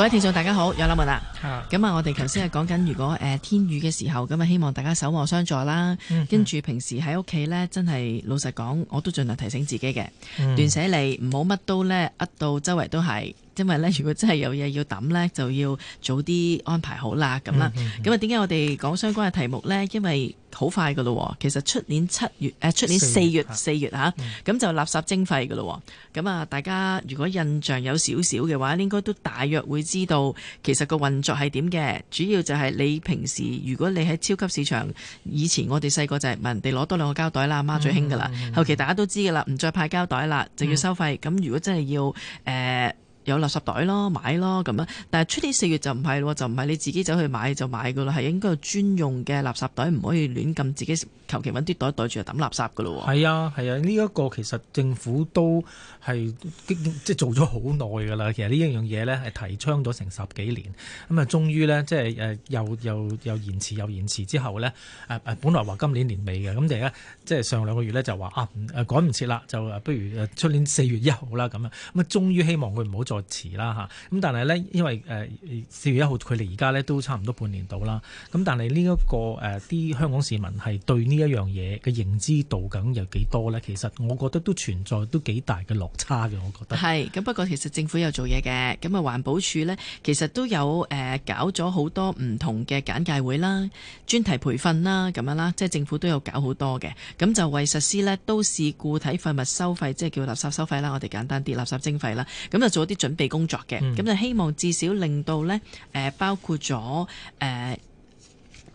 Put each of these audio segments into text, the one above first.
各位聽眾，大家好，有啦問啦咁啊，我哋頭先係講緊，如果誒、呃、天雨嘅時候，咁啊希望大家守望相助啦。跟住、嗯嗯、平時喺屋企咧，真係老實講，我都盡量提醒自己嘅，嗯、斷捨離，唔好乜都咧，呃，到周圍都係。因為咧，如果真係有嘢要抌咧，就要早啲安排好啦，咁啦、嗯。咁、嗯、啊，點解我哋講相關嘅題目咧？因為好快噶咯喎，其實出年七月誒，出、啊、年四月四月吓，咁就垃圾徵費噶咯喎。咁啊，大家如果印象有少少嘅話，應該都大約會知道，其實個運係點嘅？主要就係你平時，如果你喺超級市場，以前我哋細個就係問人哋攞多兩個膠袋啦，媽最興噶啦。嗯嗯、後期大家都知噶啦，唔再派膠袋啦，就要收費。咁、嗯、如果真係要誒。呃有垃圾袋咯，買咯咁樣。但係出年四月就唔係咯，就唔係你自己走去買就買噶啦，係應該專用嘅垃圾袋，唔可以亂撳自己，求其揾啲袋袋住嚟抌垃圾噶咯。係啊，係啊，呢一個其實政府都係即係做咗好耐噶啦。其實呢一樣嘢呢，係提倡咗成十幾年，咁啊，終於呢，即係誒又又又延遲又延遲之後呢。誒本來話今年年尾嘅，咁而家即係上兩個月呢，就話啊誒趕唔切啦，就不如出年四月一號啦咁啊，咁啊，終於希望佢唔好。再遲啦嚇，咁但係呢，因為誒四月一號距離而家呢都差唔多半年到啦，咁但係呢一個誒啲、呃、香港市民係對呢一樣嘢嘅認知度梗有幾多呢？其實我覺得都存在都幾大嘅落差嘅，我覺得係。咁不過其實政府有做嘢嘅，咁啊環保署呢，其實都有誒、呃、搞咗好多唔同嘅簡介會啦、專題培訓啦咁樣啦，即、就、係、是、政府都有搞好多嘅，咁就為實施呢都市固體廢物收費，即係叫垃圾收費啦，我哋簡單啲垃圾徵費啦，咁就做啲。準備工作嘅，咁就希望至少令到呢，誒、呃、包括咗誒、呃、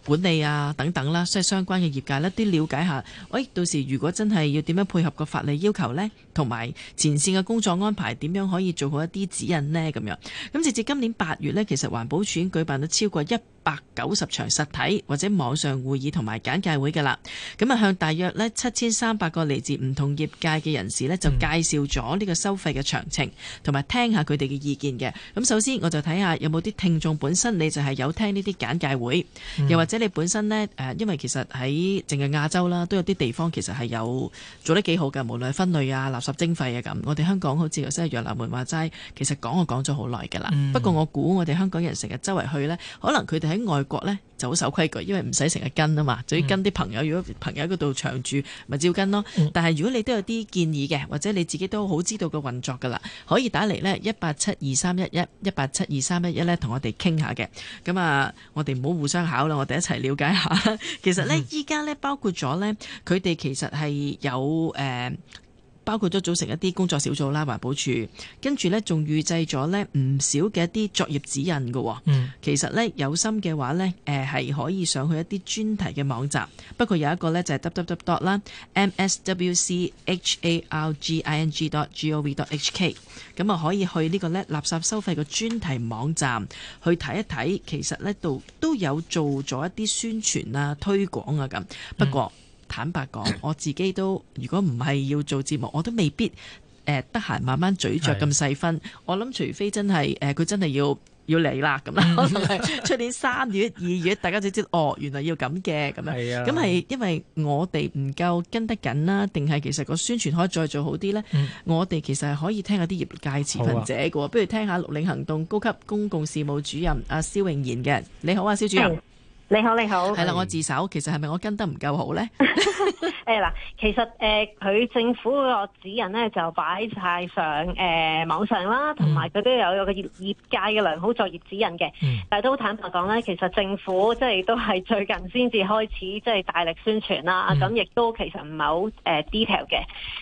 管理啊等等啦，即係相關嘅業界呢，啲了解下，誒、欸、到時如果真係要點樣配合個法例要求呢，同埋前線嘅工作安排點樣可以做好一啲指引呢？咁樣。咁直至今年八月呢，其實環保署已經舉辦咗超過一百九十場實體或者網上會議同埋簡介會嘅啦，咁啊，向大約呢，七千三百個嚟自唔同業界嘅人士呢，就介紹咗呢個收費嘅詳情，同埋、嗯、聽下佢哋嘅意見嘅。咁首先我就睇下有冇啲聽眾本身你就係有聽呢啲簡介會，嗯、又或者你本身呢，因為其實喺淨係亞洲啦，都有啲地方其實係有做得幾好嘅，無論係分類啊、垃圾徵費啊咁。我哋香港好似又真係楊立門話齋，其實講我講咗好耐嘅啦。嗯、不過我估我哋香港人成日周圍去呢，可能佢哋喺喺外國呢就好守規矩，因為唔使成日跟啊嘛，就要跟啲朋友。如果朋友嗰度長住，咪照跟咯。但係如果你都有啲建議嘅，或者你自己都好知道個運作噶啦，可以打嚟呢一八七二三一一一八七二三一一呢，同我哋傾下嘅。咁啊，我哋唔好互相考啦，我哋一齊了解下。其實呢，依家呢，包括咗呢，佢哋其實係有誒。呃包括咗組成一啲工作小組啦，環保署跟住呢仲預製咗呢唔少嘅一啲作業指引㗎、哦、嗯，其實呢，有心嘅話呢係、呃、可以上去一啲專題嘅網站。不過有一個呢就係、是、www.mswcharging.gov.hk 咁啊，可以去呢個呢垃圾收費嘅專題網站去睇一睇。其實呢度都有做咗一啲宣傳啊、推廣啊咁。不過、嗯坦白講，我自己都如果唔係要做節目，我都未必誒得閒慢慢咀嚼咁細分。的我諗除非真係誒佢真係要要嚟啦咁啦，可能係出 年三月、二月，大家就知哦，原來要咁嘅咁樣。咁係的因為我哋唔夠跟得緊啦，定係其實個宣傳可以再做好啲呢？嗯、我哋其實係可以聽下啲業界持份者嘅，啊、不如聽，聽一下綠領行動高級公共事務主任阿蕭頴妍嘅。你好啊，蕭主任。嗯你好，你好。係啦了，嗯、我自首，其實係咪我跟得唔夠好咧？誒嗱，其實誒佢、呃，政府個指引咧，就擺晒上誒網、呃、上啦，同埋佢都有有個業業界嘅良好作業指引嘅。嗯、但係都坦白講咧，其實政府即係都係最近先至開始即係大力宣傳啦。咁亦、嗯、都其實唔係好誒 detail 嘅。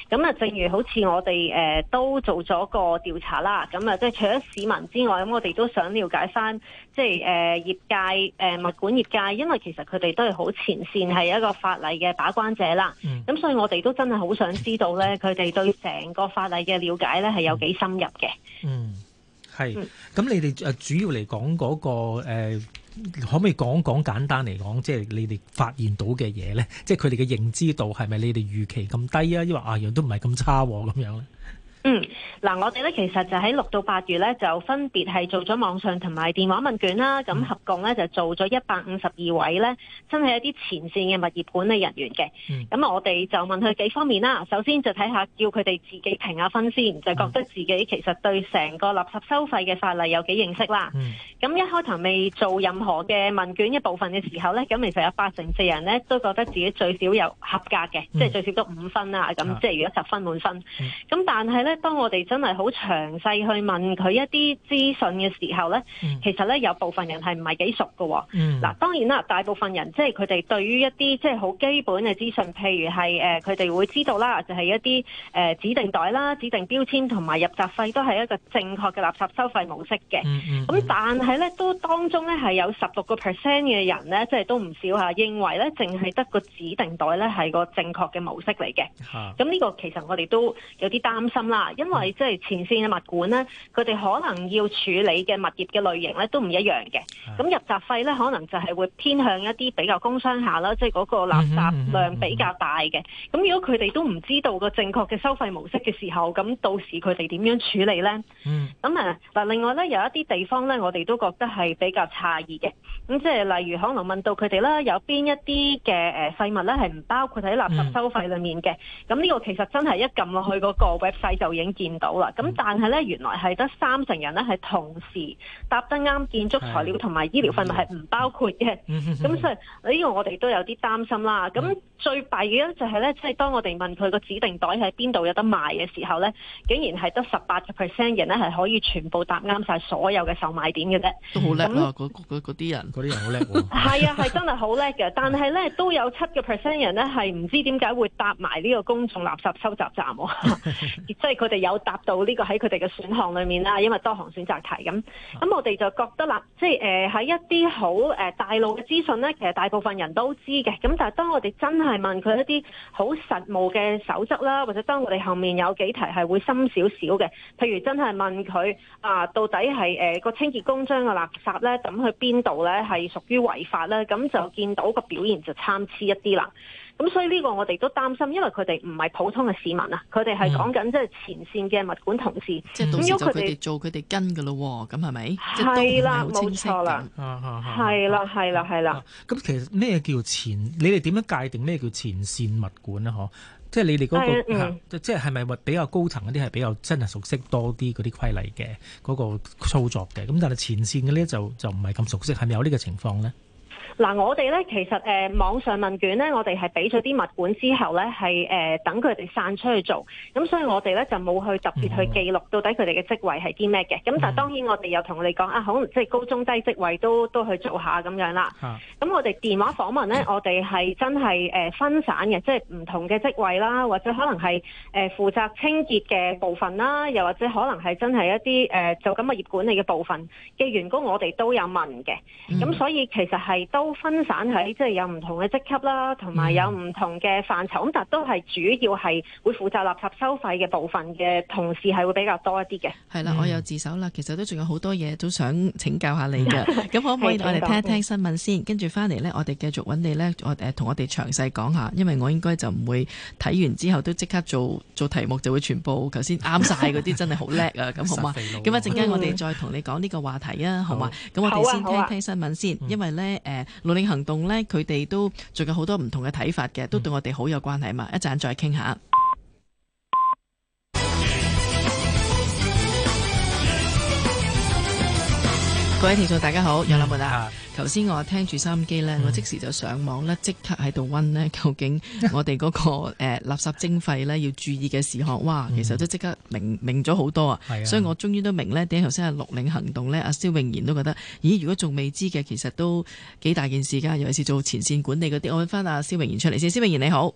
咁啊，正如好似我哋誒都做咗個調查啦。咁啊，即係除咗市民之外，咁我哋都想了解翻。即係誒、呃，業界誒、呃，物管業界，因為其實佢哋都係好前線，係一個法例嘅把關者啦。咁、嗯、所以我哋都真係好想知道咧，佢哋對成個法例嘅了解咧係有幾深入嘅、嗯。嗯，係。咁你哋誒，主要嚟講嗰個誒、呃，可唔可以講講，簡單嚟講，即係你哋發現到嘅嘢？咧？即係佢哋嘅認知度係咪你哋預期咁低啊？亦或啊，有都唔係咁差咁、啊、樣咧？嗯，嗱、啊，我哋咧其實就喺六到八月咧，就分別係做咗網上同埋電話問卷啦，咁合共咧就做咗一百五十二位咧，真係一啲前線嘅物業管理人員嘅。咁、嗯、我哋就問佢幾方面啦。首先就睇下叫佢哋自己評下分先，就覺得自己其實對成個垃圾收費嘅法例有幾認識啦。咁、嗯、一開頭未做任何嘅問卷一部分嘅時候咧，咁其實有八成四人咧都覺得自己最少有合格嘅，嗯、即係最少都五分啦。咁即係如果十分滿分，咁、嗯、但係咧。當我哋真係好詳細去問佢一啲資訊嘅時候呢、嗯、其實呢，有部分人係唔係幾熟㗎。嗱、嗯，當然啦，大部分人即係佢哋對於一啲即係好基本嘅資訊，譬如係誒佢哋會知道啦，就係、是、一啲誒、呃、指定袋啦、指定標籤同埋入閘費都係一個正確嘅垃圾收費模式嘅。咁、嗯嗯、但係呢，都當中呢係有十六個 percent 嘅人呢，即、就、係、是、都唔少吓，認為呢淨係得個指定袋呢係個正確嘅模式嚟嘅。咁呢哈個其實我哋都有啲擔心啦。因為即係前線嘅物管咧，佢哋可能要處理嘅物業嘅類型咧都唔一樣嘅。咁入閘費咧，可能就係會偏向一啲比較工商下啦，即係嗰個垃圾量比較大嘅。咁 如果佢哋都唔知道個正確嘅收費模式嘅時候，咁到時佢哋點樣處理咧？咁啊，嗱，另外咧有一啲地方咧，我哋都覺得係比較詫異嘅。咁即係例如可能問到佢哋啦，有邊一啲嘅誒廢物咧係唔包括喺垃圾收費裏面嘅？咁呢個其實真係一撳落去嗰個 website 就，已經見到啦，咁但係咧，原來係得三成人咧係同時答得啱建築材料同埋醫療廢物係唔包括嘅，咁、嗯、所以呢個我哋都有啲擔心啦。咁、嗯、最弊嘅咧就係咧，即係當我哋問佢個指定袋喺邊度有得賣嘅時候咧，竟然係得十八個 percent 人咧係可以全部答啱晒所有嘅售賣點嘅啫。都好叻啊！嗰啲那那人，嗰啲人好叻喎。係啊，係真係好叻嘅， 但係咧都有七個 percent 人咧係唔知點解會答埋呢個公眾垃圾收集站，即係、嗯。佢哋有答到呢個喺佢哋嘅選項裏面啦，因為多項選擇題咁，咁我哋就覺得啦，即係誒喺一啲好誒大路嘅資訊呢，其實大部分人都知嘅。咁但係當我哋真係問佢一啲好實務嘅守則啦，或者當我哋後面有幾題係會深少少嘅，譬如真係問佢啊，到底係誒個清潔工將嘅垃圾呢，抌去邊度呢係屬於違法呢？咁就見到個表現就參差一啲啦。咁所以呢個我哋都擔心，因為佢哋唔係普通嘅市民啊，佢哋係講緊即係前線嘅物管同事，咁、嗯、如果佢哋做佢哋跟㗎咯，咁係咪？係啦的，冇錯啦，係啦、啊，係、啊、啦，係啦。咁、啊、其實咩叫前？你哋點樣界定咩叫前線物管呢？嗬，即係、啊、你哋嗰個即係係咪比較高層嗰啲係比較真係熟悉多啲嗰啲規例嘅嗰、嗰個操作嘅？咁但係前線嘅咧就就唔係咁熟悉，係咪有呢個情況呢？嗱、啊，我哋咧其實誒、呃、網上問卷咧，我哋係俾咗啲物管之後咧，係誒、呃、等佢哋散出去做，咁、嗯、所以我哋咧就冇去特別去記錄到底佢哋嘅職位係啲咩嘅。咁、嗯、但係當然我哋又同你講啊，可能即係高中低職位都都去做下咁樣啦。咁、嗯啊、我哋電話訪問咧，我哋係真係誒分散嘅，啊、即係唔同嘅職位啦，或者可能係誒、呃、負責清潔嘅部分啦，又或者可能係真係一啲誒、呃、做緊物業管理嘅部分嘅員工，我哋都有問嘅。咁、嗯、所以其實係都。都分散喺即係有唔同嘅職級啦，有有同埋有唔同嘅範疇，咁、嗯、但都係主要係會負責垃圾收費嘅部分嘅同事係會比較多一啲嘅。係啦，我有自首啦，嗯、其實都仲有好多嘢都想請教下你嘅，咁 可唔可以我哋聽一聽新聞先，跟住翻嚟呢，我哋繼續揾你呢？呃、我誒同我哋詳細講下，因為我應該就唔會睇完之後都即刻做做題目，就會全部頭先啱晒嗰啲。真係好叻啊！咁好嘛？咁啊，一陣間我哋再同你講呢個話題啊， 好嘛？咁我哋先聽聽新聞先，因為呢。誒、呃。綠領行動呢，佢哋都仲有好多唔同嘅睇法嘅，都對我哋好有關係嘛。一陣再傾下。各位聽眾，大家好，有立文啊，頭先我聽住收音機呢，嗯、我即時就上網呢，即刻喺度溫呢。究竟我哋嗰、那個誒 垃圾徵費呢，要注意嘅事項哇，其實都即刻明明咗好多啊，嗯、所以我終於都明呢點解頭先係綠領行動呢。阿蕭頴妍都覺得，咦，如果仲未知嘅，其實都幾大件事㗎，尤其是做前線管理嗰啲，我揾翻阿蕭頴妍出嚟先，蕭頴妍你好。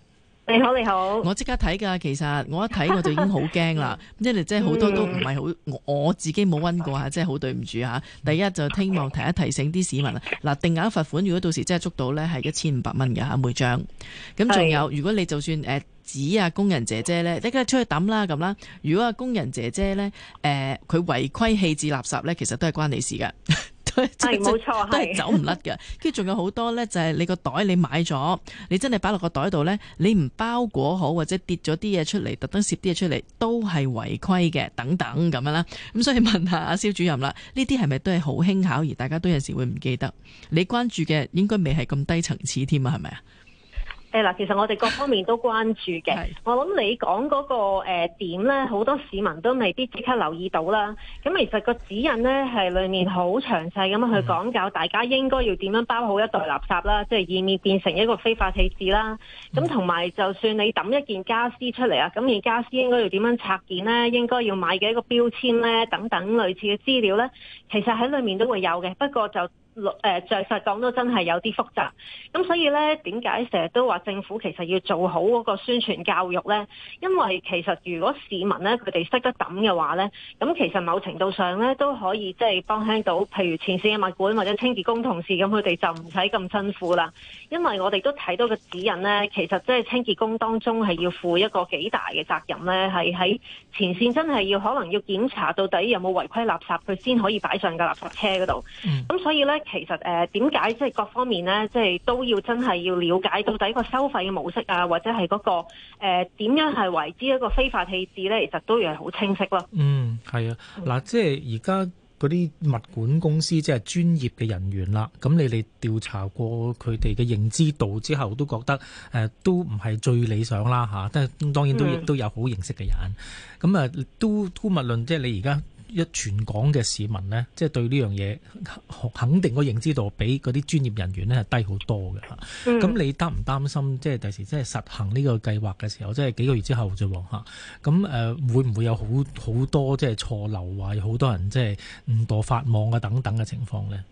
你好，你好。我即刻睇噶，其實我一睇我就已經好驚啦，因為真係好多都唔係好，我自己冇溫過吓，真係好對唔住吓。第一就希望提一提醒啲市民嗱，定額罰款如果到時真係捉到呢係一千五百蚊㗎。吓，每張。咁仲有，是如果你就算誒指啊工人姐姐呢，你梗係出去抌啦咁啦。如果啊工人姐姐呢，誒、呃、佢違規棄置垃圾呢，其實都係關你事噶。冇錯，係 即錯都係走唔甩嘅。跟住仲有好多呢，就係你個袋你買咗，你真係擺落個袋度呢，你唔包裹好或者跌咗啲嘢出嚟，特登攝啲嘢出嚟，都係違規嘅。等等咁樣啦。咁所以問下阿蕭主任啦，呢啲係咪都係好輕巧而大家都有時會唔記得？你關注嘅應該未係咁低層次添啊？係咪啊？誒嗱，其實我哋各方面都關注嘅，我諗你講嗰個誒點咧，好多市民都未必即刻留意到啦。咁其實個指引咧係裏面好詳細咁去講，教大家應該要點樣包好一袋垃圾啦，即係以免變成一個非法棄置啦。咁同埋就算你抌一件家私出嚟啊，咁件家私應該要點樣拆件咧，應該要買嘅一個標籤咧，等等類似嘅資料咧，其實喺裏面都會有嘅。不過就。誒，著實講都真係有啲複雜，咁所以呢，點解成日都話政府其實要做好嗰個宣傳教育呢？因為其實如果市民呢，佢哋識得抌嘅話呢，咁其實某程度上呢，都可以即係幫輕到，譬如前線嘅物管或者清潔工同事咁，佢哋就唔使咁辛苦啦。因為我哋都睇到個指引呢，其實即係清潔工當中係要負一個幾大嘅責任呢，係喺前線真係要可能要檢查到底有冇違規垃圾，佢先可以擺上個垃圾車嗰度。咁、嗯、所以呢。其實誒點解即係各方面呢，即係都要真係要了解到底個收費嘅模式啊，或者係嗰個誒點樣係為之一個非法棄置呢？其實都要係好清晰咯。嗯，係啊，嗱，即係而家嗰啲物管公司即係專業嘅人員啦。咁你哋調查過佢哋嘅認知度之後，都覺得誒都唔係最理想啦吓，但係當然都亦都有好認識嘅人。咁，嗯，啊，都都勿論即係你而家。一全港嘅市民呢，即、就、係、是、對呢樣嘢，肯定個認知度比嗰啲專業人員呢係低好多嘅。咁、嗯、你擔唔擔心，即係第時即係實行呢個計劃嘅時候，即係幾個月之後啫喎，咁誒，會唔會有好好多即係錯漏，話有好多人即係誤墮法網啊等等嘅情況咧？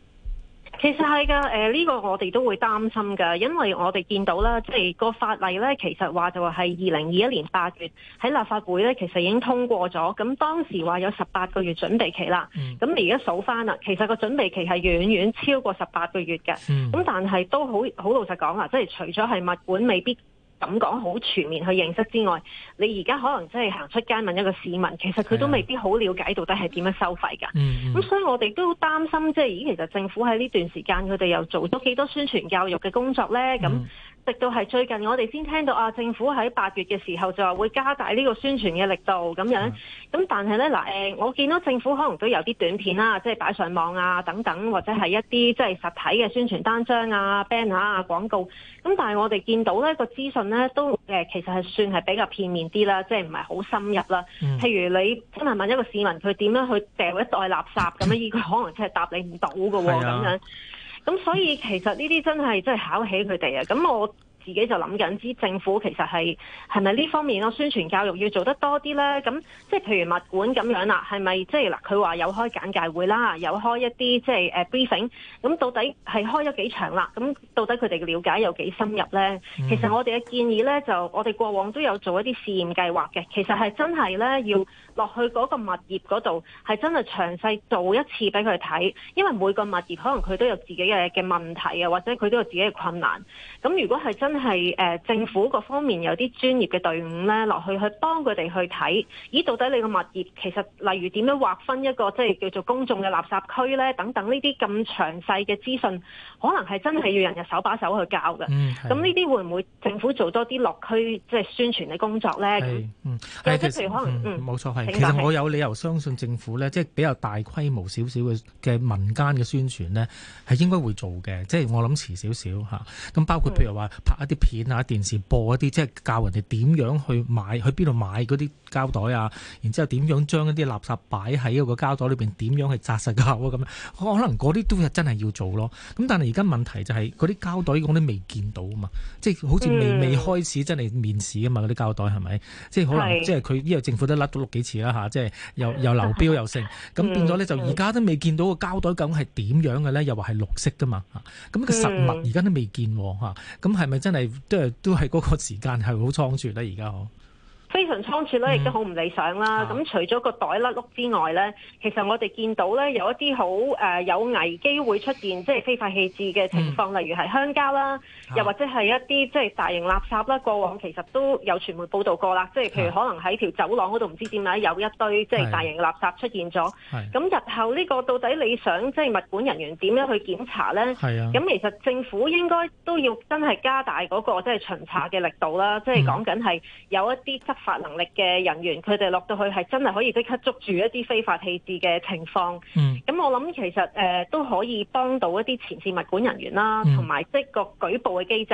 其實係噶，誒呢個我哋都會擔心噶，因為我哋見到啦，即係個法例咧，其實話就係二零二一年八月喺立法會咧，其實已經通過咗，咁當時話有十八個月準備期啦，咁你而家數翻啦，其實個準備期係遠遠超過十八個月嘅，咁但係都好好老實講啦，即係除咗係物管未必，咁講好全面去認識之外，你而家可能真係行出街問一個市民，其實佢都未必好了解到底係點樣收費㗎。咁、嗯嗯、所以我哋都擔心，即係而其實政府喺呢段時間佢哋又做咗幾多宣傳教育嘅工作呢？咁。嗯直到係最近，我哋先聽到啊，政府喺八月嘅時候就話會加大呢個宣傳嘅力度咁樣咁、嗯、但係呢，嗱、呃，我見到政府可能都有啲短片啦、啊，即係擺上網啊等等，或者係一啲即係實體嘅宣傳單張啊、banner 啊、廣告。咁但係我哋見到呢、呢個資訊呢，都誒、呃，其實係算係比較片面啲啦，即係唔係好深入啦。嗯、譬如你真係問一個市民佢點樣去掉一袋垃圾咁樣呢，佢 可能真係答你唔到㗎喎，咁、啊、樣。咁所以其實呢啲真係真係考起佢哋啊！咁我自己就諗緊，知政府其實係係咪呢方面咯，宣傳教育要做得多啲呢？咁即係譬如物管咁樣啦，係咪即係嗱？佢話有開簡介會啦，有開一啲即係 briefing，咁到底係開咗幾場啦？咁到底佢哋嘅了解有幾深入呢？Mm hmm. 其實我哋嘅建議呢，就我哋過往都有做一啲試驗計劃嘅，其實係真係呢，要。落去嗰個物業嗰度係真係詳細做一次俾佢睇，因為每個物業可能佢都有自己嘅嘅問題啊，或者佢都有自己嘅困難。咁如果係真係誒、呃、政府各方面有啲專業嘅隊伍咧，落去去幫佢哋去睇，咦到底你個物業其實例如點樣劃分一個即係叫做公眾嘅垃圾區咧等等呢啲咁詳細嘅資訊，可能係真係要人手把手去教㗎。咁呢啲會唔會政府做多啲落區即係宣傳嘅工作咧？嗯，即係譬如可能嗯、冇錯、係。其實我有理由相信政府咧，即係比較大規模少少嘅嘅民間嘅宣傳咧，係應該會做嘅。即係我諗遲少少嚇。咁、啊、包括譬如話拍一啲片啊，電視播一啲，即係教人哋點樣去買，去邊度買嗰啲膠袋啊。然之後點樣將一啲垃圾擺喺一個膠袋裏邊，點樣去紮實膠啊咁樣。可能嗰啲都係真係要做咯。咁但係而家問題就係嗰啲膠袋我都未見到嘛，即係好似未未開始真係面市啊嘛。嗰啲膠袋係咪？即係可能是即係佢因為政府都甩咗六幾千。即係又又流標又剩，咁 變咗呢，就而家都未見到個膠袋究竟係點樣嘅呢？又話係綠色噶嘛？嚇，咁個實物而家都未見喎嚇，咁係咪真係都係嗰個時間係好倉促咧？而家呵。非常倉促咧，亦都好唔理想啦。咁、嗯啊、除咗個袋甩碌之外呢，其實我哋見到呢有一啲好誒有危機會出現，即、就、係、是、非法棄置嘅情況，嗯、例如係鄉郊啦，啊、又或者係一啲即係大型垃圾啦。過往其實都有傳媒報道過啦，啊、即係譬如可能喺條走廊嗰度唔知點解有一堆即係、就是、大型垃圾出現咗。咁、啊啊、日後呢個到底你想即係、就是、物管人員點樣去檢查呢？咁、啊、其實政府應該都要真係加大嗰、那個即係、就是、巡查嘅力度啦。即係講緊係有一啲執法能力嘅人員，佢哋落到去係真係可以即刻捉住一啲非法棄置嘅情況。咁、嗯、我諗其實誒、呃、都可以幫到一啲前線物管人員啦，同埋、嗯、即個舉報嘅機制。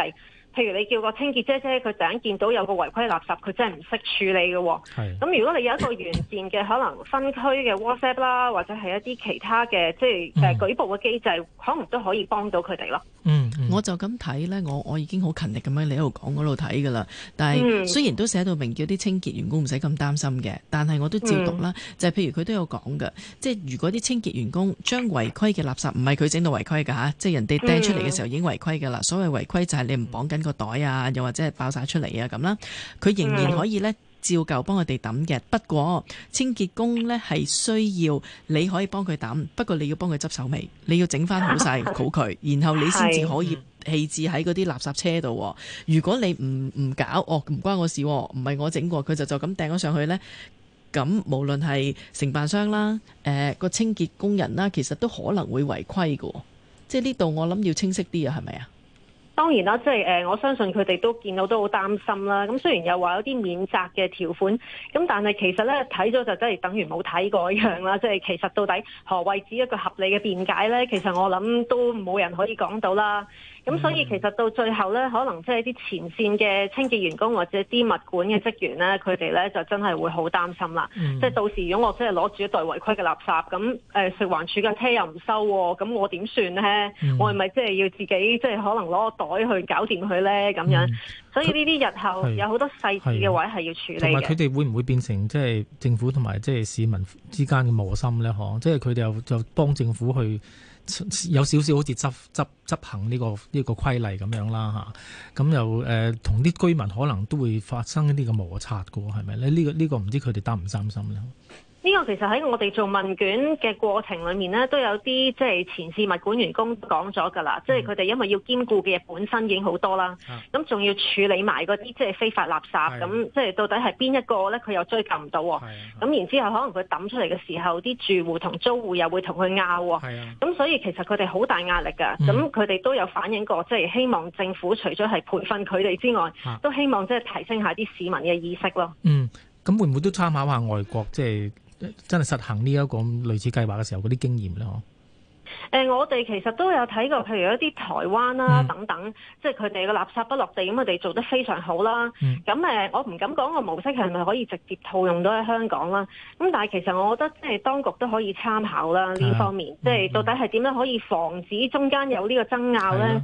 譬如你叫個清潔姐姐，佢突然見到有個違規垃，垃圾，佢真係唔識處理嘅、哦。咁是如果你有一個完善嘅可能分區嘅 WhatsApp 啦，或者係一啲其他嘅即係誒舉報嘅機制，嗯、可能都可以幫到佢哋咯。嗯我就咁睇呢，我我已經好勤力咁樣你喺度講嗰度睇㗎啦，但係雖然都寫到明叫啲清潔員工唔使咁擔心嘅，但係我都照讀啦。嗯、就係譬如佢都有講嘅，即係如果啲清潔員工將違規嘅垃圾唔係佢整到違規㗎吓，即係人哋掟出嚟嘅時候已經違規㗎啦。嗯、所謂違規就係你唔綁緊個袋啊，又或者係爆晒出嚟啊咁啦，佢仍然可以呢。照舊幫佢哋抌嘅，不過清潔工呢，係需要你可以幫佢抌，不過你要幫佢執手尾，你要整翻好晒好佢，然後你先至可以棄置喺嗰啲垃圾車度。 如果你唔唔搞，哦唔關我事，唔係我整過，佢就就咁掟咗上去呢。咁無論係承辦商啦，誒、呃、個清潔工人啦，其實都可能會違規喎。即係呢度我諗要清晰啲啊，係咪啊？當然啦，即係誒，我相信佢哋都見到都好擔心啦。咁雖然又話有啲免責嘅條款，咁但係其實咧睇咗就真係等於冇睇過一樣啦。即係其實到底何謂止一個合理嘅辯解呢？其實我諗都冇人可以講到啦。咁、嗯、所以其實到最後咧，可能即係啲前線嘅清潔員工或者啲物管嘅職員咧，佢哋咧就真係會好擔心啦。即係、嗯、到時如果我真係攞住一袋違規嘅垃圾，咁誒食環署嘅車又唔收喎，咁我點算咧？嗯、我係咪即係要自己即係、就是、可能攞個袋去搞掂佢咧？咁樣，嗯、所以呢啲日後有好多細節嘅位係要處理嘅。同埋佢哋會唔會變成即係政府同埋即係市民之間嘅磨心咧？呵，即係佢哋又就幫政府去。有少少好似執執執行呢個呢個規例咁樣啦嚇，咁又同啲、呃、居民可能都會發生一啲嘅摩擦嘅喎，係咪咧？這個這個、呢個呢個唔知佢哋擔唔擔心咧？呢個其實喺我哋做問卷嘅過程裏面咧，都有啲即係前線物管員工講咗㗎啦。即係佢哋因為要兼顧嘅本身已經好多啦，咁仲要處理埋嗰啲即係非法垃圾，咁即係到底係邊一個咧？佢又追及唔到，咁然之後可能佢抌出嚟嘅時候，啲住戶同租戶又會同佢拗，咁所以其實佢哋好大壓力噶。咁佢哋都有反映過，即係希望政府除咗係培訓佢哋之外，都希望即係提升下啲市民嘅意識咯。嗯，咁會唔會都參考下外國即係？真係實行呢一個類似計劃嘅時候，嗰啲經驗咧，嗬？我哋其實都有睇過，譬如一啲台灣啦等等，嗯、即係佢哋嘅垃圾不落地，咁佢哋做得非常好啦。咁、嗯、我唔敢講個模式係咪可以直接套用到喺香港啦？咁但係其實我覺得，即係當局都可以參考啦呢方面，嗯、即係到底係點樣可以防止中間有呢個爭拗咧？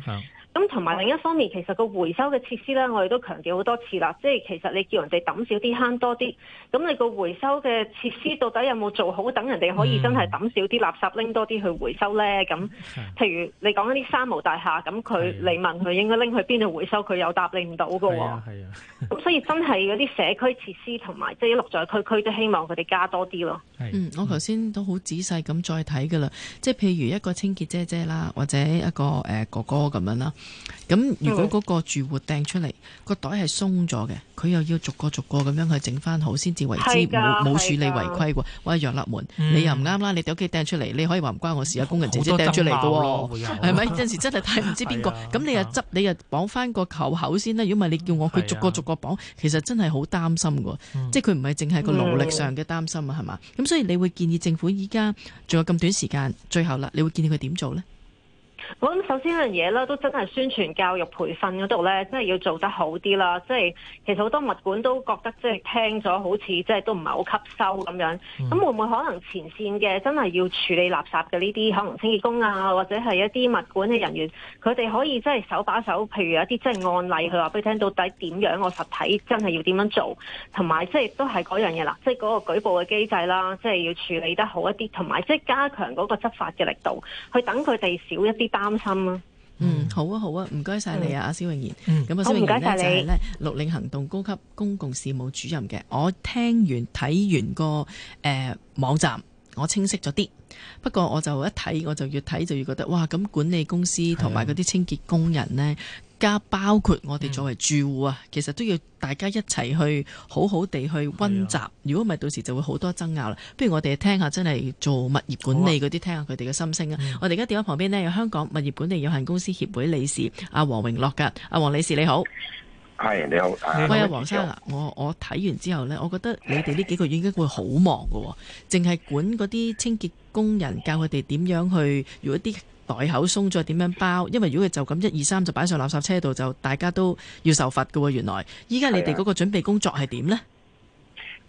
咁同埋另一方面，其實個回收嘅設施呢，我哋都強調好多次啦。即係其實你叫人哋抌少啲，慳多啲，咁你個回收嘅設施到底有冇做好，等人哋可以真係抌少啲垃圾，拎多啲去回收呢？咁譬如你講一啲三無大廈，咁佢的你問佢應該拎去邊度回收，佢又答你唔到㗎喎。啊，咁所以真係嗰啲社區設施同埋即係啲六在區區都希望佢哋加多啲咯的、嗯。我頭先都好仔細咁再睇㗎啦，即係譬如一個清潔姐姐啦，或者一個、呃、哥哥咁樣啦。咁如果嗰個住戶掟出嚟個袋係鬆咗嘅，佢又要逐個逐個咁樣去整翻好，先至為之冇冇處理違規喎。喂，楊立門，你又唔啱啦！你哋屋企掟出嚟，你可以話唔關我事啊，工人姐姐掟出嚟噶喎，係咪？有陣時真係睇唔知邊個。咁你又執，你又綁翻個球口先啦。如果唔係，你叫我佢逐個逐個綁，其實真係好擔心噶。即係佢唔係淨係個勞力上嘅擔心啊，係嘛？咁所以你會建議政府依家仲有咁短時間，最後啦，你會建議佢點做呢？我諗首先一樣嘢啦，都真係宣傳、教育、培訓嗰度咧，真係要做得好啲啦。即係其實好多物管都覺得即係聽咗好似即係都唔係好吸收咁樣。咁、嗯、會唔會可能前線嘅真係要處理垃圾嘅呢啲可能清潔工啊，或者係一啲物管嘅人員，佢哋可以即係手把手，譬如有一啲即係案例，佢話俾你聽，到底點樣我實體真係要點樣做，同埋即係都係嗰樣嘢啦，即係嗰個舉報嘅機制啦，即係要處理得好一啲，同埋即係加強嗰個執法嘅力度，去等佢哋少一啲。擔心啊，嗯，好啊，好啊，唔該晒你啊，阿蕭頴妍。嗯，咁啊，蕭頴妍咧就係咧綠領行動高級公共事務主任嘅。我聽完睇完個誒、呃、網站。我清晰咗啲，不過我就一睇我就越睇就越覺得哇！咁管理公司同埋嗰啲清潔工人呢，的加包括我哋作為住戶啊，嗯、其實都要大家一齊去好好地去溫習。如果唔係到時就會好多爭拗啦。不如我哋聽下真係做物業管理嗰啲、啊、聽下佢哋嘅心聲啊。嗯、我哋而家電話旁邊呢，有香港物業管理有限公司協會理事阿王榮樂噶，阿王理事你好。係，你好，喂好，王生啊，生我我睇完之後呢，我覺得你哋呢幾個月應該會好忙噶，淨係管嗰啲清潔工人教佢哋點樣去，如果啲袋口鬆咗點樣包，因為如果佢就咁一二三就擺上垃圾車度，就大家都要受罰噶。原來依家你哋嗰個準備工作係點呢？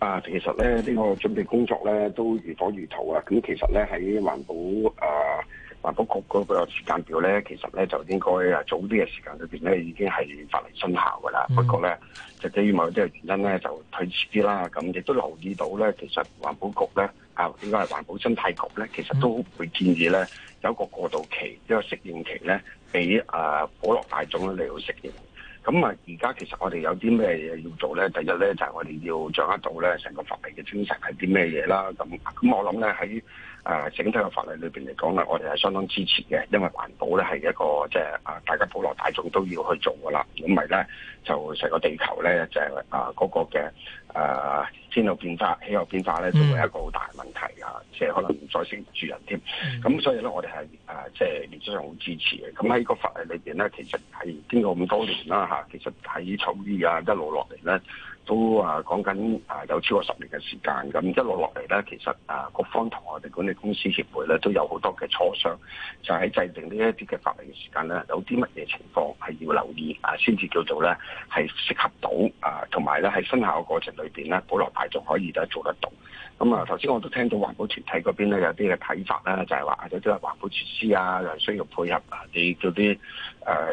啊，其實呢，呢，呢個準備工作呢都如火如荼啊。咁其實呢，喺環保啊。環保局嗰個時間表咧，其實咧就應該啊早啲嘅時間裏邊咧，已經係發嚟生效噶啦。Mm hmm. 不過咧，就對於某啲嘅原因咧，就退遲啲啦。咁亦都留意到咧，其實環保局咧啊，應該係環保生態局咧，其實都會建議咧有一個過渡期，一個適應期咧，俾啊普羅大眾咧嚟到適應。咁啊，而家其實我哋有啲咩嘢要做咧？第一咧，就係、是、我哋要掌握到咧成個法例嘅精神係啲咩嘢啦。咁咁，我諗咧喺。誒整體嘅法例裏邊嚟講咧，我哋係相當支持嘅，因為環保咧係一個即係啊，大家普羅大眾都要去做嘅啦。咁咪咧就成個地球咧，就是、啊嗰個嘅誒、啊、天氣變化、氣候變化咧，都會係一個好大嘅問題、就是嗯、是啊，即係可能唔再承住人添。咁所以咧，我哋係誒即係原則上好支持嘅。咁喺個法例裏邊咧，其實係經過咁多年啦嚇、啊，其實喺草擬啊一路落嚟咧。都啊講緊啊有超過十年嘅時間，咁一路落嚟咧，其實啊各方同我哋管理公司協會咧都有好多嘅磋商，就喺、是、制定呢一啲嘅法令嘅時間咧，有啲乜嘢情況係要留意啊，先至叫做咧係適合到啊，同埋咧喺生效嘅過程裏邊咧，普羅大眾可以都做得到。咁啊，頭先、嗯、我都聽到環保團體嗰邊咧有啲嘅睇法呢，就係話有啲環保設施啊，需要配合你叫啲誒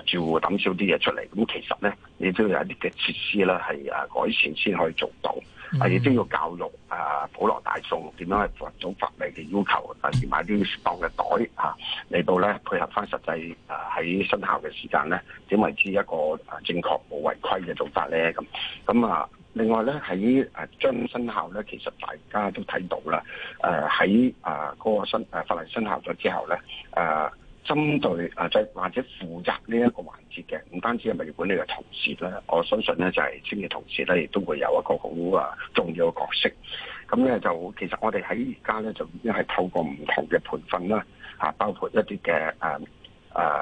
住戶抌少啲嘢出嚟。咁其實咧，你都要有一啲嘅設施啦，係誒改善先可以做到。Mm. 啊，亦都要教育啊，普羅大眾點樣去遵從法例嘅要求，尤其是買啲適當嘅袋嚇嚟、啊、到咧配合翻實際誒喺、啊、生效嘅時間咧點為之一個正確冇違規嘅做法咧？咁咁、嗯、啊～另外咧，喺將生效咧，其實大家都睇到啦。誒喺啊嗰個新法例生效咗之後咧，誒、呃、針對誒即係或者負責呢一個環節嘅，唔單止係物業管理嘅同事咧，我相信咧就係清潔同事咧亦都會有一個好啊重要嘅角色。咁咧就其實我哋喺而家咧就已經係透過唔同嘅培訓啦，包括一啲嘅誒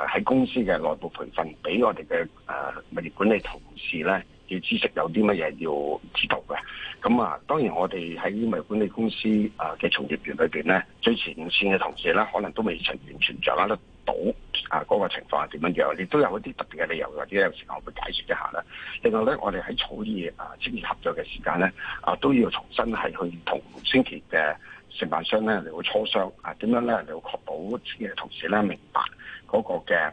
喺公司嘅內部培訓，俾我哋嘅誒物業管理同事咧，嘅知識有啲乜嘢要知道嘅？咁啊，當然我哋喺物業管理公司啊嘅從業員裏邊咧，最前線嘅同事咧，可能都未曾完全掌握得到啊嗰、嗰個情況係點樣樣，亦都有一啲特別嘅理由，或者有時間我會解釋一下啦。另外咧，我哋喺草擬啊簽約合作嘅時間咧啊，都要重新係去同先期嘅承辦商咧，嚟到磋商啊點樣咧，嚟到確保自己嘅同事咧明白嗰個嘅。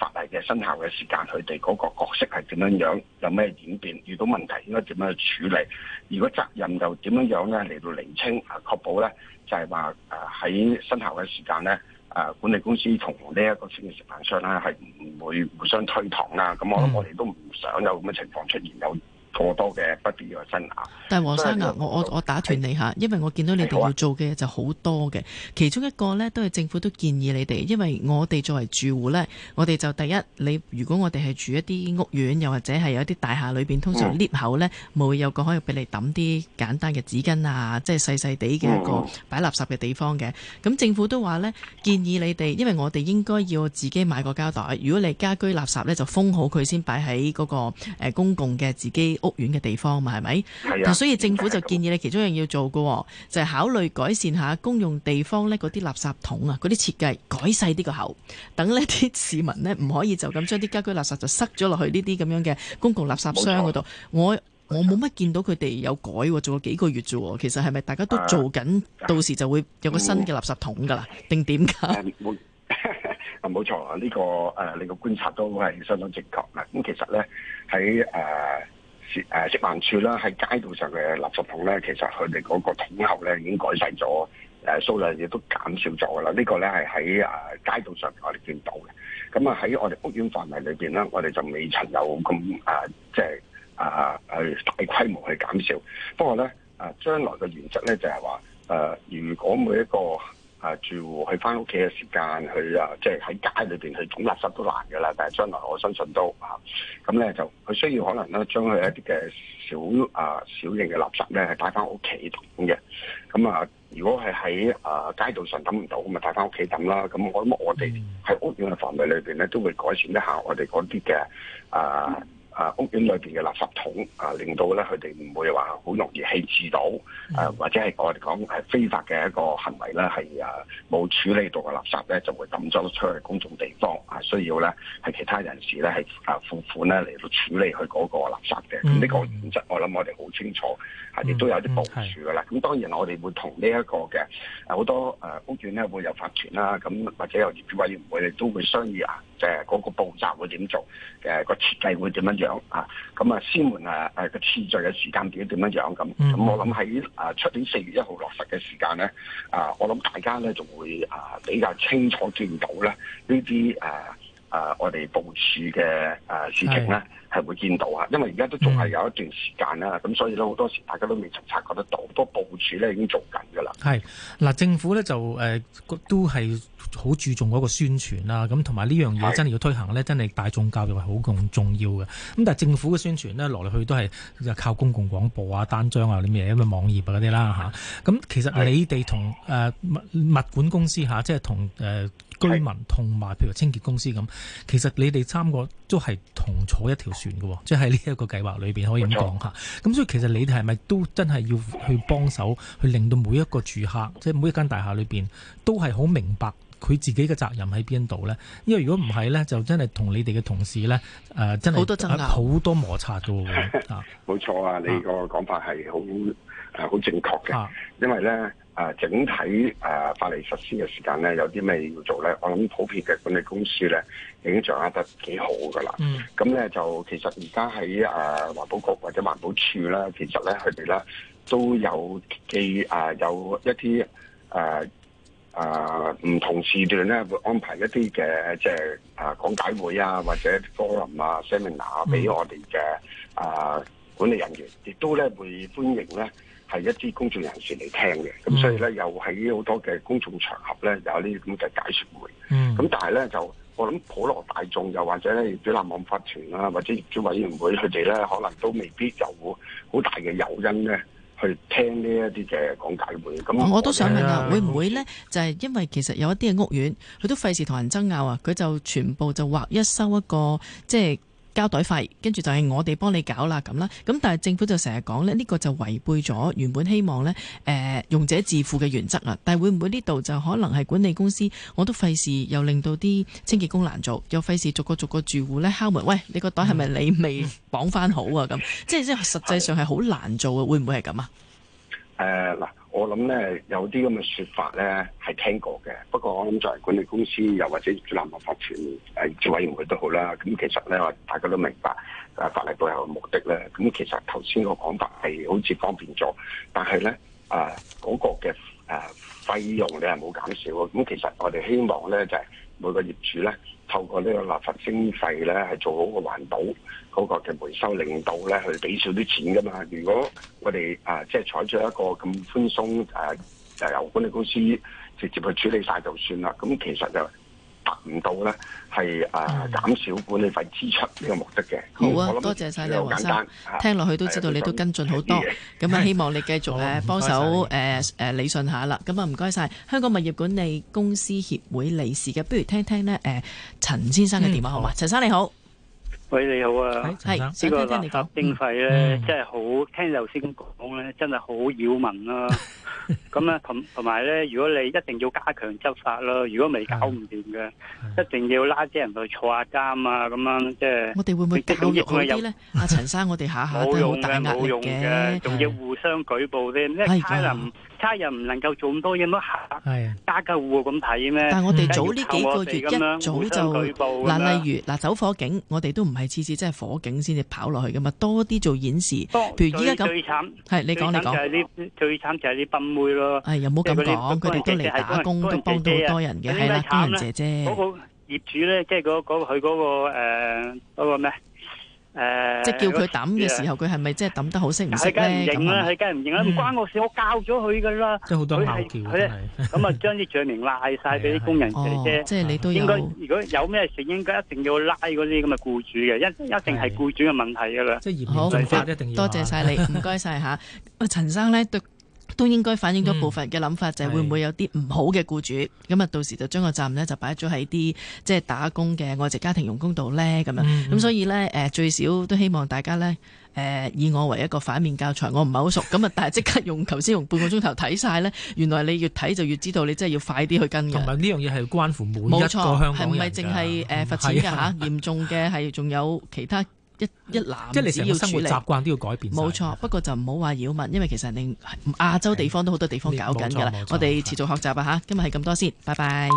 法例嘅生效嘅時間，佢哋嗰個角色係點樣樣？有咩演變？遇到問題應該點樣去處理？如果責任又點樣樣咧嚟到釐清？啊，確保咧就係話誒喺生效嘅時間咧，誒管理公司同呢一個食品食辦商咧係唔會互相推搪啦。咁我諗我哋都唔想有咁嘅情況出現。有。過多嘅，不必要增壓。但係黃生啊，我我我打斷你一下，是因為我見到你哋要做嘅就多的好多、啊、嘅，其中一個呢，都係政府都建議你哋，因為我哋作為住戶呢，我哋就第一，你如果我哋係住一啲屋苑，又或者係有一啲大廈裏面，通常 𨋢 口呢，冇、嗯、有一個可以俾你抌啲簡單嘅紙巾啊，即係細細哋嘅一個擺垃圾嘅地方嘅。咁、嗯、政府都話呢，建議你哋，因為我哋應該要自己買個膠袋，如果你家居垃圾呢，就封好佢先擺喺嗰個公共嘅自己，屋苑嘅地方嘛，係咪？啊、所以政府就建議你其中一樣要做嘅，就係考慮改善下公用地方咧，嗰啲垃圾桶啊，嗰啲設計改細啲個口，等呢啲市民呢，唔可以就咁將啲家居垃圾就塞咗落去呢啲咁樣嘅公共垃圾箱嗰度、啊。我我冇乜見到佢哋有改，做咗幾個月啫。其實係咪大家都做緊？到時就會有個新嘅垃圾桶噶啦，定點噶？冇錯啊，呢、嗯啊呢個誒、啊，你個觀察都係相當正確啦。咁其實咧喺誒。誒食環署啦，喺街道上嘅垃圾桶咧，其實佢哋嗰個桶口咧已經改細咗，誒數量亦都減少咗啦。呢、這個咧係喺誒街道上我哋見到嘅。咁啊喺我哋屋苑範圍裏邊咧，我哋就未曾有咁誒，即係啊去大規模去減少。不過咧，誒將來嘅原則咧就係話誒，如果每一個啊！住戶去翻屋企嘅時間，去啊，即係喺街裏面去桶垃圾都難㗎啦。但係將來我相信都咁咧、啊、就佢需要可能咧將佢一啲嘅小啊小型嘅垃圾咧係帶翻屋企桶嘅。咁啊，如果係喺啊街道上抌唔到，咁咪帶翻屋企抌啦。咁我諗我哋喺屋苑嘅範圍裏面咧，都會改善一下我哋嗰啲嘅啊。嗯院裡面的立啊，屋苑裏邊嘅垃圾桶啊，令到咧佢哋唔會話好容易棄置到，誒、啊、或者係我哋講係非法嘅一個行為咧，係誒冇處理到嘅垃圾咧，就會抌咗出去公眾地方啊，需要咧係其他人士咧係誒付款咧嚟到處理佢嗰個垃圾嘅。咁呢、mm hmm. 個原則我諗我哋好清楚，係亦都有啲部署噶啦。咁、mm hmm. 當然我哋會同呢一個嘅好多誒屋苑咧會有發傳啦，咁或者有業主委員會都會商議啊，誒、就、嗰、是、個步驟會點做，誒、那個設計會點樣樣。啊，咁啊、嗯，師門啊，誒個次序嘅時間點點樣樣咁，咁我諗喺誒出年四月一號落實嘅時間咧，啊，我諗大家咧仲會啊比較清楚見到咧呢啲誒。誒、呃，我哋部署嘅誒事情呢，係、呃、是會見到啊，因為而家都仲係有一段時間啦，咁、嗯、所以呢好多時大家都未曾察覺得到，多部署呢，已經做緊噶啦。係嗱，政府呢，就誒、呃、都係好注重嗰個宣傳啦，咁同埋呢樣嘢真係要推行呢，是真係大眾教育係好咁重要嘅。咁但係政府嘅宣傳呢，嚟嚟去都係就靠公共廣播啊、單張啊啲咩咁嘅網頁嗰啲啦。咁其實你哋同誒物管公司下、啊，即係同誒，呃.居民同埋，譬如清潔公司咁，是其實你哋三個都係同坐一條船嘅，即係呢一個計劃裏邊可以咁講吓。咁錯所以其實你哋係咪都真係要去幫手，去令到每一個住客，即、就、係、是、每一間大廈裏邊都係好明白佢自己嘅責任喺邊度呢？因為如果唔係呢，就真係同你哋嘅同事呢，誒、呃，真係好多爭拗好、呃、多摩擦嘅。冇錯 啊，啊你個講法係好誒，好正確嘅，啊、因為呢。誒整體誒法例實施嘅時間咧，有啲咩要做咧？我諗普遍嘅管理公司咧，已經掌握得幾好㗎喇。嗯、mm.。咁咧就其實而家喺誒環保局或者環保署咧，其實咧佢哋咧都有既誒、呃、有一啲誒誒唔同時段咧會安排一啲嘅即係誒、呃、講解會啊，或者 forum 啊、seminar 俾我哋嘅誒管理人員，亦都咧會歡迎咧。係一啲公眾人士嚟聽嘅，咁所以咧又喺好多嘅公眾場合咧有呢啲咁嘅解説會。咁、嗯、但係咧就我諗普羅大眾又或者咧業主立案法團啦或者業主委員會佢哋咧可能都未必有好大嘅誘因咧去聽呢一啲嘅講解會。咁我都想問啊，會唔會咧就係、是、因為其實有一啲嘅屋苑佢都費事同人爭拗啊，佢就全部就劃一收一個即係，就是交袋費，跟住就係我哋幫你搞啦咁啦，咁但係政府就成日講呢，呢個就違背咗原本希望呢誒、呃、用者自付嘅原則啊！但係會唔會呢度就可能係管理公司，我都費事又令到啲清潔工難做，又費事逐個逐個住戶呢敲門，喂，你個袋係咪你未綁翻好啊？咁即係即實際上係好難做啊！會唔會係咁啊？誒嗱。我諗咧有啲咁嘅說法咧係聽過嘅，不過我諗作為管理公司又或者業主立案法團誒委員會都好啦。咁其實咧，大家都明白誒法律背後嘅目的咧。咁其實頭先個講法係好似方便咗，但係咧誒嗰個嘅、呃、費用呢係冇減少。咁其實我哋希望咧就係、是、每個業主咧。透過呢個立法呢個垃圾徵費咧，係做好環嗰個環保嗰個嘅回收領導咧，去俾少啲錢噶嘛。如果我哋啊，即係採取一個咁寬鬆誒，由、啊、管理公司直接去處理晒就算啦。咁其實就～唔到呢係誒減少管理費支出呢個目的嘅。好啊，嗯、多謝晒你，王生，聽落去都知道你都跟進好多，咁啊希望你繼續誒幫手誒誒理順下啦。咁啊唔該晒，香港物業管理公司協會理事嘅，不如聽聽呢，誒、呃、陳先生嘅電話、嗯、好嗎？陳生你好。喂，你好啊，係，陳生，歡迎聽你講。徵費咧，真係好，聽頭先講咧，真係好擾民啦。咁咧，同同埋咧，如果你一定要加強執法啦，如果未搞唔掂嘅，一定要拉啲人去坐下監啊，咁樣即係。我哋會唔會偷肉嗰啲咧？阿陳生，我哋下下都好大壓力嘅，冇用嘅，仲要互相舉報咧，咩差人？差人唔能夠做咁多嘢乜嚇？家家戶戶咁睇咩？但係我哋早呢幾個月一早就嗱，例如嗱走火警，我哋都唔係次次真係火警先至跑落去噶嘛，多啲做演示。多，譬如依家咁。最慘係你講你講。最慘就係啲最慘就係啲笨妹咯。係又冇咁講，佢哋都嚟打工都幫到好多人嘅，係啦，工人姐姐。嗰個業主咧，即係嗰嗰佢嗰個誒嗰個咩？即係叫佢抌嘅時候，佢係咪真係抌得好識唔識咧？係梗係唔認啦，係梗係唔認啦，唔關我事，我教咗佢噶啦。有好多考驗，咁啊將啲罪名賴曬俾啲工人嘅啫。即係你都有。應該如果有咩事，應該一定要拉嗰啲咁嘅僱主嘅，一一定係僱主嘅問題噶啦。即係嚴肅做法一定要。多謝曬你，唔該曬吓。陳生咧對。都應該反映咗部分人嘅諗法，就係會唔會有啲唔好嘅僱主，咁啊、嗯、到時就將個責任咧就擺咗喺啲即係打工嘅外籍家庭傭工度咧，咁樣，咁、嗯、所以咧誒最少都希望大家咧誒、呃、以我為一個反面教材，我唔係好熟，咁啊 但係即刻用，頭先用半個鐘頭睇晒咧，原來你越睇就越知道，你真係要快啲去跟嘅。同埋呢樣嘢係關乎每一個香港人嘅。冇錯，係唔係淨係誒罰錢噶吓？嚴、嗯啊啊、重嘅係仲有其他。一一攬，即係你成個生活習慣都要改變。冇錯，不過就唔好話擾民，因為其實令亞洲地方都好多地方搞緊㗎啦。我哋持續學習啊嚇，的今日係咁多先，拜拜。